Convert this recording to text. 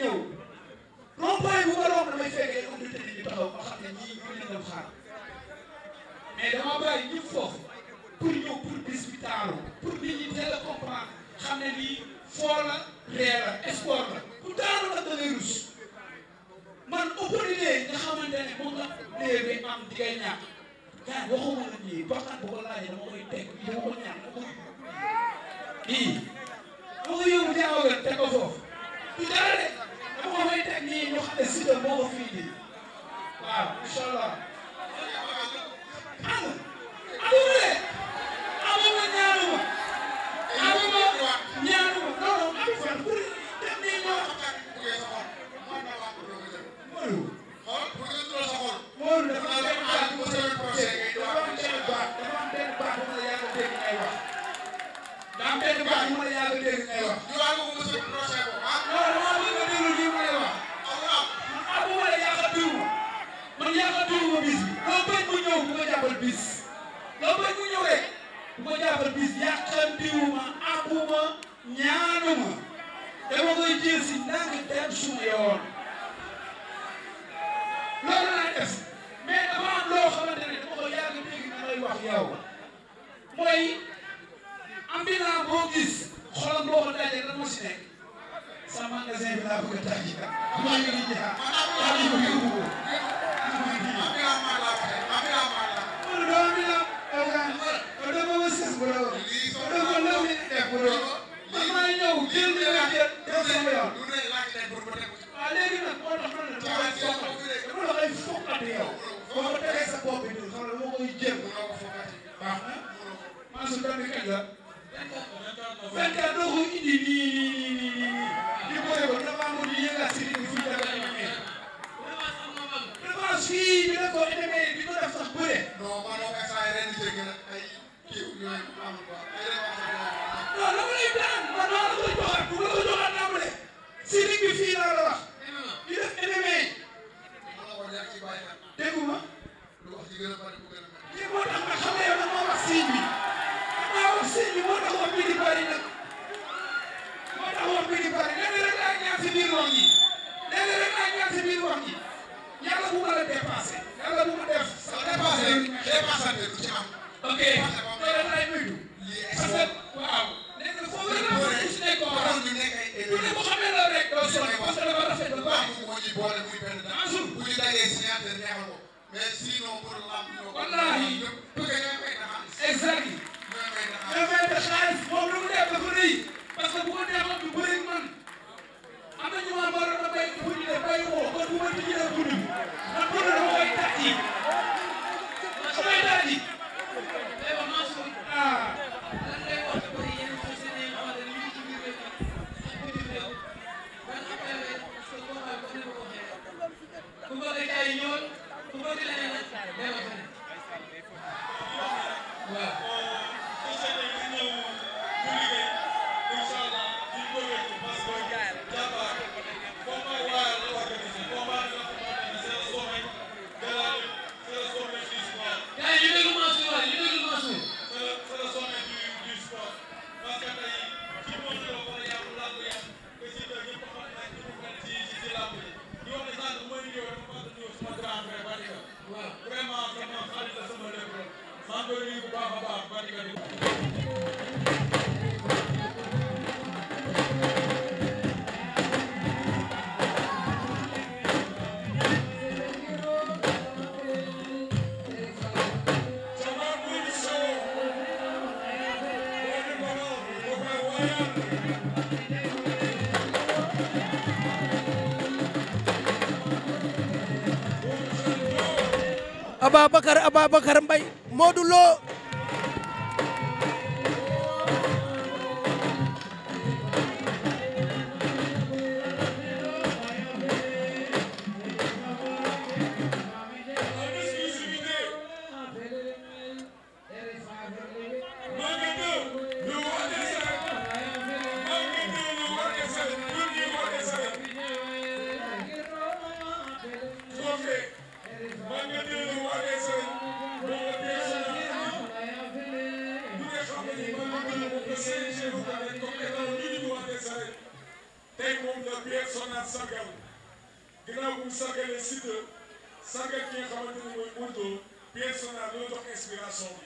ñëw non point bu ma romb damay fekkee autorité bi taxaw ma xam ne ñii ñu leen dem xaar mais dama bàyyi ñëpp foofu pour ñëw pour bis bi taaru pour nit ñi teel a xam ne lii foo la réer la espoir la ku taaru nag da ngay rus man opportunité nga xamante ne moom nga léegi am di ngay ñàkk gaa waxuma la nii bakkan dama koy teg dama ko ñàkk dama koy lii dama ko yóbbu jaaw te ko foofu ba ba mu ñëwee bu ma jàppal bis yàqantiwuma amuma ñaanuma dama koy jël si ndànk dem su ma yoon bi kañ la. 24 doo ko indi nii nii nii nii nii di boole ko dafa amoon di yëngal si bi fii dafa am amee. revanche fii bi ko demee di ko def sax bëre. non man moom instant yii ren di jéggi nag ay kii yooyu amul quoi ay revanche non la ma lay daan man maa la ko joxaat bu ma ko joxaat laa bële. si bi fii laa la wax. di def MMA. déggu ma. lu wax ji gën a bari bu gën a bari. lii moo tax nga xam ne yow da nga wax si bi. Ababacar Ababacar Mbaye Modou Lo personnel loolu jox inspiration bi.